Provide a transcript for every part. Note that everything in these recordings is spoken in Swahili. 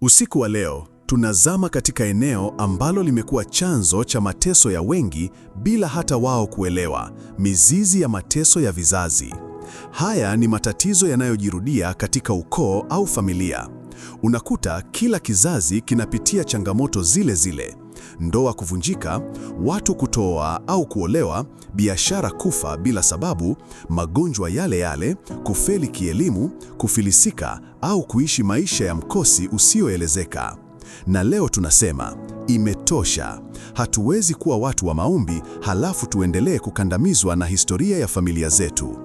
Usiku wa leo tunazama katika eneo ambalo limekuwa chanzo cha mateso ya wengi bila hata wao kuelewa, mizizi ya mateso ya vizazi. Haya ni matatizo yanayojirudia katika ukoo au familia. Unakuta kila kizazi kinapitia changamoto zile zile, ndoa kuvunjika, watu kutoa au kuolewa, biashara kufa bila sababu, magonjwa yale yale, kufeli kielimu, kufilisika au kuishi maisha ya mkosi usioelezeka. Na leo tunasema imetosha. Hatuwezi kuwa watu wa maombi halafu tuendelee kukandamizwa na historia ya familia zetu.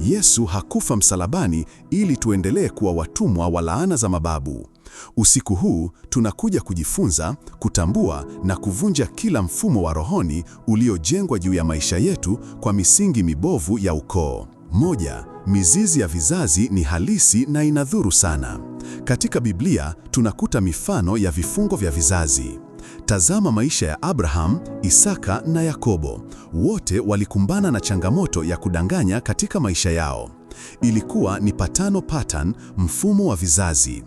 Yesu hakufa msalabani ili tuendelee kuwa watumwa wa laana za mababu. Usiku huu tunakuja kujifunza, kutambua na kuvunja kila mfumo wa rohoni uliojengwa juu ya maisha yetu kwa misingi mibovu ya ukoo. Moja, mizizi ya vizazi ni halisi na inadhuru sana. Katika Biblia tunakuta mifano ya vifungo vya vizazi. Tazama maisha ya Abraham, Isaka na Yakobo. Wote walikumbana na changamoto ya kudanganya katika maisha yao. Ilikuwa ni patano pattern, mfumo wa vizazi.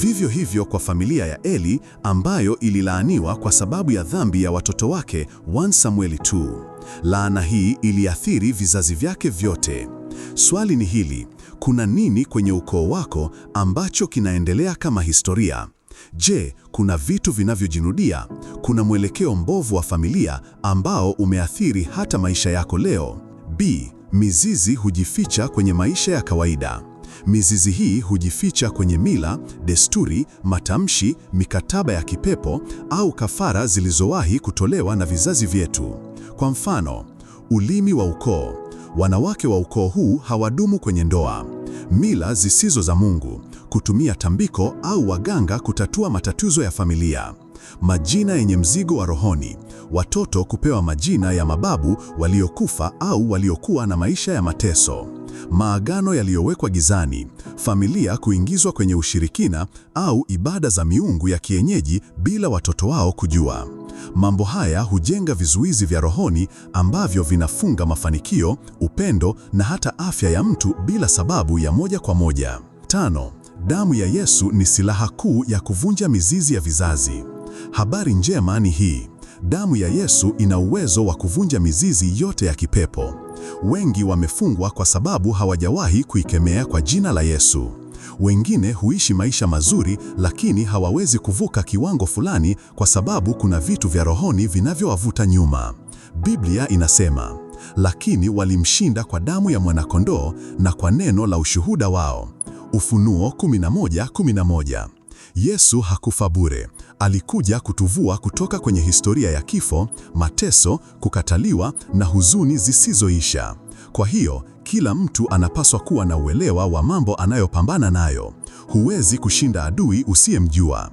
Vivyo hivyo kwa familia ya Eli ambayo ililaaniwa kwa sababu ya dhambi ya watoto wake 1 Samueli 2. Laana hii iliathiri vizazi vyake vyote. Swali ni hili, kuna nini kwenye ukoo wako ambacho kinaendelea kama historia? Je, kuna vitu vinavyojirudia? Kuna mwelekeo mbovu wa familia ambao umeathiri hata maisha yako leo? B, Mizizi hujificha kwenye maisha ya kawaida. Mizizi hii hujificha kwenye mila, desturi, matamshi, mikataba ya kipepo au kafara zilizowahi kutolewa na vizazi vyetu. Kwa mfano, ulimi wa ukoo. Wanawake wa ukoo huu hawadumu kwenye ndoa. Mila zisizo za Mungu, kutumia tambiko au waganga kutatua matatizo ya familia majina yenye mzigo wa rohoni, watoto kupewa majina ya mababu waliokufa au waliokuwa na maisha ya mateso, maagano yaliyowekwa gizani, familia kuingizwa kwenye ushirikina au ibada za miungu ya kienyeji bila watoto wao kujua. Mambo haya hujenga vizuizi vya rohoni ambavyo vinafunga mafanikio, upendo na hata afya ya mtu bila sababu ya moja kwa moja. Tano, damu ya Yesu ni silaha kuu ya kuvunja mizizi ya vizazi. Habari njema ni hii: damu ya Yesu ina uwezo wa kuvunja mizizi yote ya kipepo. Wengi wamefungwa kwa sababu hawajawahi kuikemea kwa jina la Yesu. Wengine huishi maisha mazuri, lakini hawawezi kuvuka kiwango fulani kwa sababu kuna vitu vya rohoni vinavyowavuta nyuma. Biblia inasema, lakini walimshinda kwa damu ya mwanakondoo na kwa neno la ushuhuda wao. Ufunuo 11:11. Yesu hakufa bure. Alikuja kutuvua kutoka kwenye historia ya kifo, mateso, kukataliwa na huzuni zisizoisha. Kwa hiyo kila mtu anapaswa kuwa na uelewa wa mambo anayopambana nayo. Huwezi kushinda adui usiyemjua.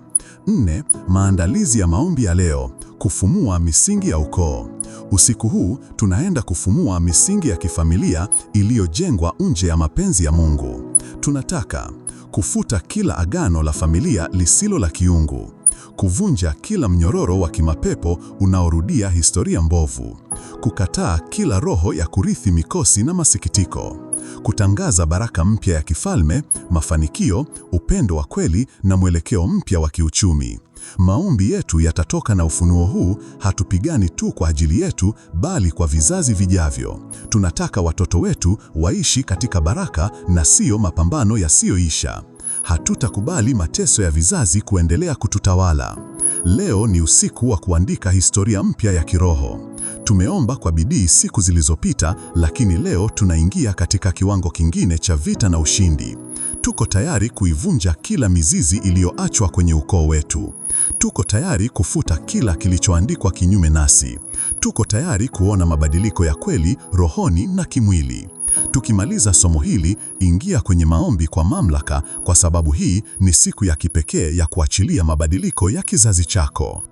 Nne, maandalizi ya maombi ya leo, kufumua misingi ya ukoo. Usiku huu tunaenda kufumua misingi ya kifamilia iliyojengwa nje ya mapenzi ya Mungu. Tunataka kufuta kila agano la familia lisilo la kiungu, kuvunja kila mnyororo wa kimapepo unaorudia historia mbovu, kukataa kila roho ya kurithi mikosi na masikitiko, kutangaza baraka mpya ya kifalme, mafanikio, upendo wa kweli na mwelekeo mpya wa kiuchumi. Maombi yetu yatatoka na ufunuo huu. Hatupigani tu kwa ajili yetu, bali kwa vizazi vijavyo. Tunataka watoto wetu waishi katika baraka na siyo mapambano yasiyoisha. Hatutakubali mateso ya vizazi kuendelea kututawala. Leo ni usiku wa kuandika historia mpya ya kiroho. Tumeomba kwa bidii siku zilizopita, lakini leo tunaingia katika kiwango kingine cha vita na ushindi. Tuko tayari kuivunja kila mizizi iliyoachwa kwenye ukoo wetu. Tuko tayari kufuta kila kilichoandikwa kinyume nasi. Tuko tayari kuona mabadiliko ya kweli rohoni na kimwili. Tukimaliza somo hili, ingia kwenye maombi kwa mamlaka, kwa sababu hii ni siku ya kipekee ya kuachilia mabadiliko ya kizazi chako.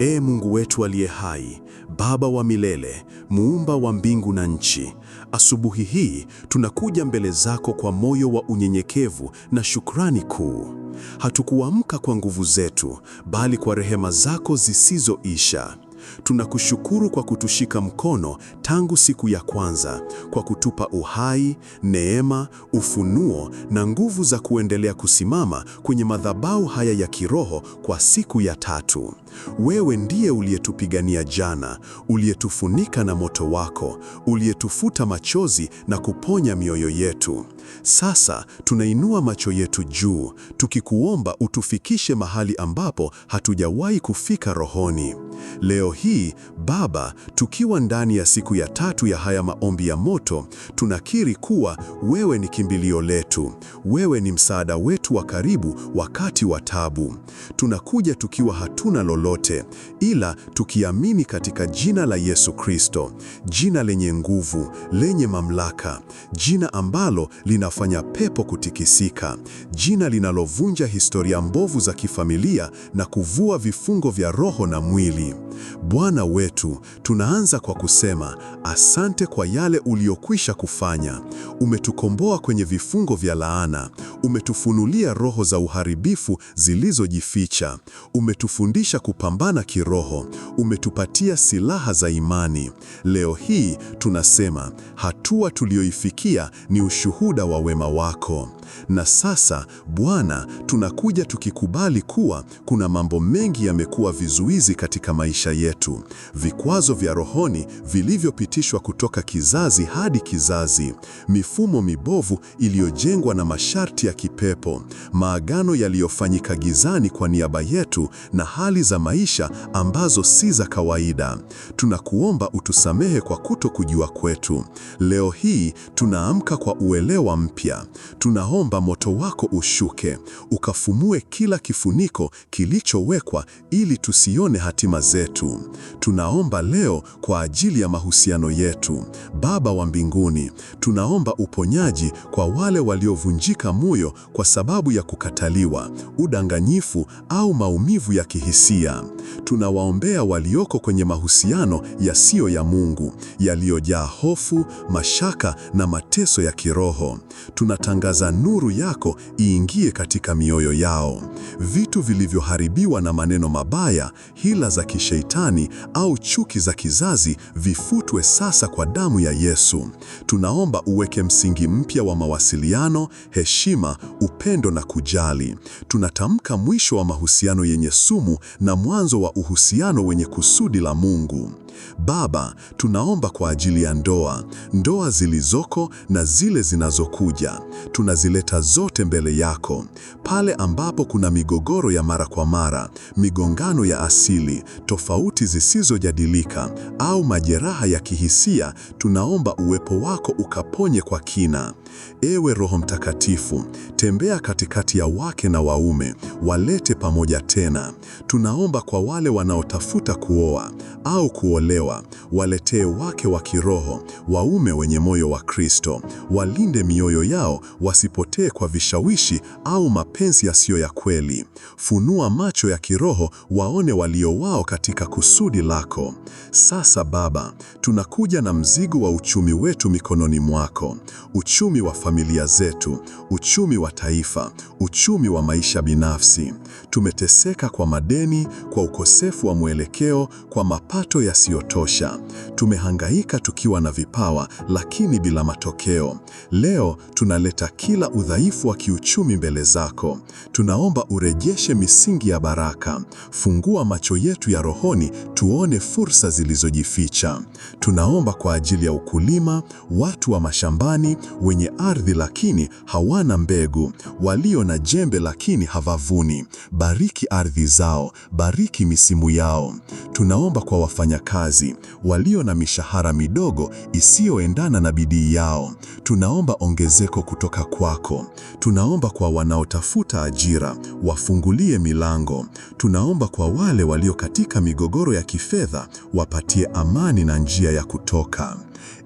Ee Mungu wetu aliye hai, Baba wa milele, muumba wa mbingu na nchi, asubuhi hii tunakuja mbele zako kwa moyo wa unyenyekevu na shukrani kuu. Hatukuamka kwa nguvu zetu, bali kwa rehema zako zisizoisha. Tunakushukuru kwa kutushika mkono tangu siku ya kwanza, kwa kutupa uhai, neema, ufunuo na nguvu za kuendelea kusimama kwenye madhabahu haya ya kiroho kwa siku ya tatu. Wewe ndiye uliyetupigania jana, uliyetufunika na moto wako, uliyetufuta machozi na kuponya mioyo yetu. Sasa tunainua macho yetu juu, tukikuomba utufikishe mahali ambapo hatujawahi kufika rohoni. Leo hii Baba, tukiwa ndani ya siku ya tatu ya haya maombi ya moto, tunakiri kuwa wewe ni kimbilio letu, wewe ni msaada wetu wa karibu wakati wa taabu. Tunakuja tukiwa hatuna lolote, ila tukiamini katika jina la Yesu Kristo, jina lenye nguvu, lenye mamlaka, jina ambalo li linafanya pepo kutikisika, jina linalovunja historia mbovu za kifamilia na kuvua vifungo vya roho na mwili. Bwana wetu, tunaanza kwa kusema asante kwa yale uliyokwisha kufanya. Umetukomboa kwenye vifungo vya laana, umetufunulia roho za uharibifu zilizojificha, umetufundisha kupambana kiroho, umetupatia silaha za imani. Leo hii tunasema hatua tuliyoifikia ni ushuhuda wa wema wako. Na sasa Bwana, tunakuja tukikubali kuwa kuna mambo mengi yamekuwa vizuizi katika maisha yetu, vikwazo vya rohoni vilivyopitishwa kutoka kizazi hadi kizazi, mifumo mibovu iliyojengwa na masharti ya kipepo, maagano yaliyofanyika gizani kwa niaba yetu, na hali za maisha ambazo si za kawaida. Tunakuomba utusamehe kwa kuto kujua kwetu. Leo hii tunaamka kwa uelewa mpya. Tuna naomba moto wako ushuke, ukafumue kila kifuniko kilichowekwa ili tusione hatima zetu. Tunaomba leo kwa ajili ya mahusiano yetu. Baba wa mbinguni, tunaomba uponyaji kwa wale waliovunjika moyo kwa sababu ya kukataliwa, udanganyifu au maumivu ya kihisia. Tunawaombea walioko kwenye mahusiano yasiyo ya Mungu, yaliyojaa hofu, mashaka na mateso ya kiroho. Tunatangaza nuru yako iingie katika mioyo yao. Vitu vilivyoharibiwa na maneno mabaya, hila za kisheitani au chuki za kizazi vifutwe sasa kwa damu ya Yesu. Tunaomba uweke msingi mpya wa mawasiliano, heshima, upendo na kujali. Tunatamka mwisho wa mahusiano yenye sumu na mwanzo wa uhusiano wenye kusudi la Mungu. Baba, tunaomba kwa ajili ya ndoa, ndoa zilizoko na zile zinazokuja. Tunazileta zote mbele yako. Pale ambapo kuna migogoro ya mara kwa mara, migongano ya asili, tofauti zisizojadilika au majeraha ya kihisia, tunaomba uwepo wako ukaponye kwa kina. Ewe Roho Mtakatifu, tembea katikati ya wake na waume, walete pamoja tena. Tunaomba kwa wale wanaotafuta kuoa au kuolewa waliokolewa, waletee wake wa kiroho, waume wenye moyo wa Kristo, walinde mioyo yao wasipotee kwa vishawishi au mapenzi yasiyo ya kweli. Funua macho ya kiroho, waone walio wao katika kusudi lako. Sasa Baba, tunakuja na mzigo wa uchumi wetu mikononi mwako, uchumi wa familia zetu, uchumi wa taifa, uchumi wa maisha binafsi. Tumeteseka kwa madeni, kwa ukosefu wa mwelekeo, kwa mapato yasiyo isiyotosha. Tumehangaika tukiwa na vipawa lakini bila matokeo. Leo tunaleta kila udhaifu wa kiuchumi mbele zako. Tunaomba urejeshe misingi ya baraka. Fungua macho yetu ya rohoni tuone fursa zilizojificha. Tunaomba kwa ajili ya ukulima, watu wa mashambani wenye ardhi lakini hawana mbegu, walio na jembe lakini havavuni. Bariki ardhi zao, bariki misimu yao. Tunaomba kwa wafanyakazi kazi, walio na mishahara midogo isiyoendana na bidii yao. Tunaomba ongezeko kutoka kwako. Tunaomba kwa wanaotafuta ajira, wafungulie milango. Tunaomba kwa wale walio katika migogoro ya kifedha, wapatie amani na njia ya kutoka.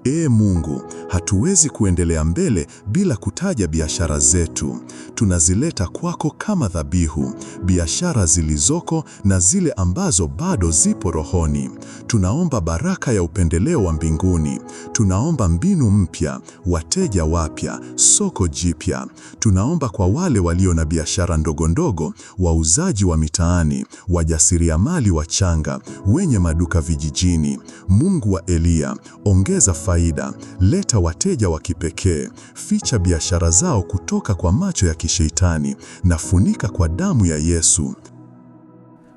Ee Mungu, hatuwezi kuendelea mbele bila kutaja biashara zetu. Tunazileta kwako kama dhabihu, biashara zilizoko na zile ambazo bado zipo rohoni. Tunaomba baraka ya upendeleo wa mbinguni. Tunaomba mbinu mpya, wateja wapya, soko jipya. Tunaomba kwa wale walio na biashara ndogo ndogo, wauzaji wa mitaani, wajasiriamali wachanga, wenye maduka vijijini. Mungu wa Eliya, ongeza za faida, leta wateja wa kipekee, ficha biashara zao kutoka kwa macho ya kisheitani na funika kwa damu ya Yesu.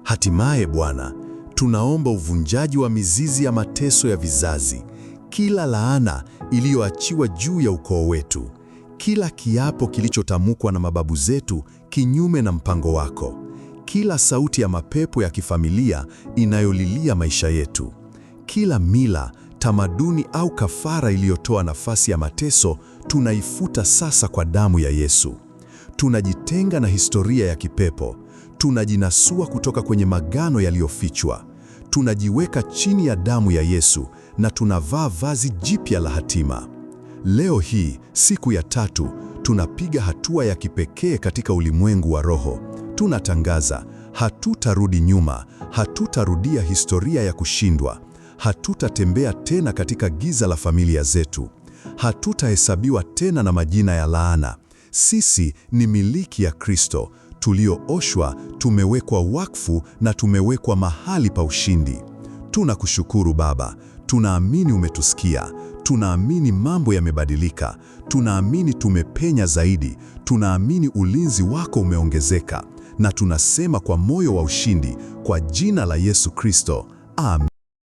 Hatimaye Bwana, tunaomba uvunjaji wa mizizi ya mateso ya vizazi, kila laana iliyoachiwa juu ya ukoo wetu, kila kiapo kilichotamkwa na mababu zetu kinyume na mpango wako, kila sauti ya mapepo ya kifamilia inayolilia maisha yetu, kila mila tamaduni au kafara iliyotoa nafasi ya mateso, tunaifuta sasa kwa damu ya Yesu. Tunajitenga na historia ya kipepo, tunajinasua kutoka kwenye magano yaliyofichwa, tunajiweka chini ya damu ya Yesu na tunavaa vazi jipya la hatima. Leo hii, siku ya tatu, tunapiga hatua ya kipekee katika ulimwengu wa roho. Tunatangaza, hatutarudi nyuma, hatutarudia historia ya kushindwa hatutatembea tena katika giza la familia zetu, hatutahesabiwa tena na majina ya laana. Sisi ni miliki ya Kristo, tuliooshwa, tumewekwa wakfu na tumewekwa mahali pa ushindi. Tunakushukuru Baba, tunaamini umetusikia, tunaamini mambo yamebadilika, tunaamini tumepenya zaidi, tunaamini ulinzi wako umeongezeka, na tunasema kwa moyo wa ushindi, kwa jina la Yesu Kristo, amen.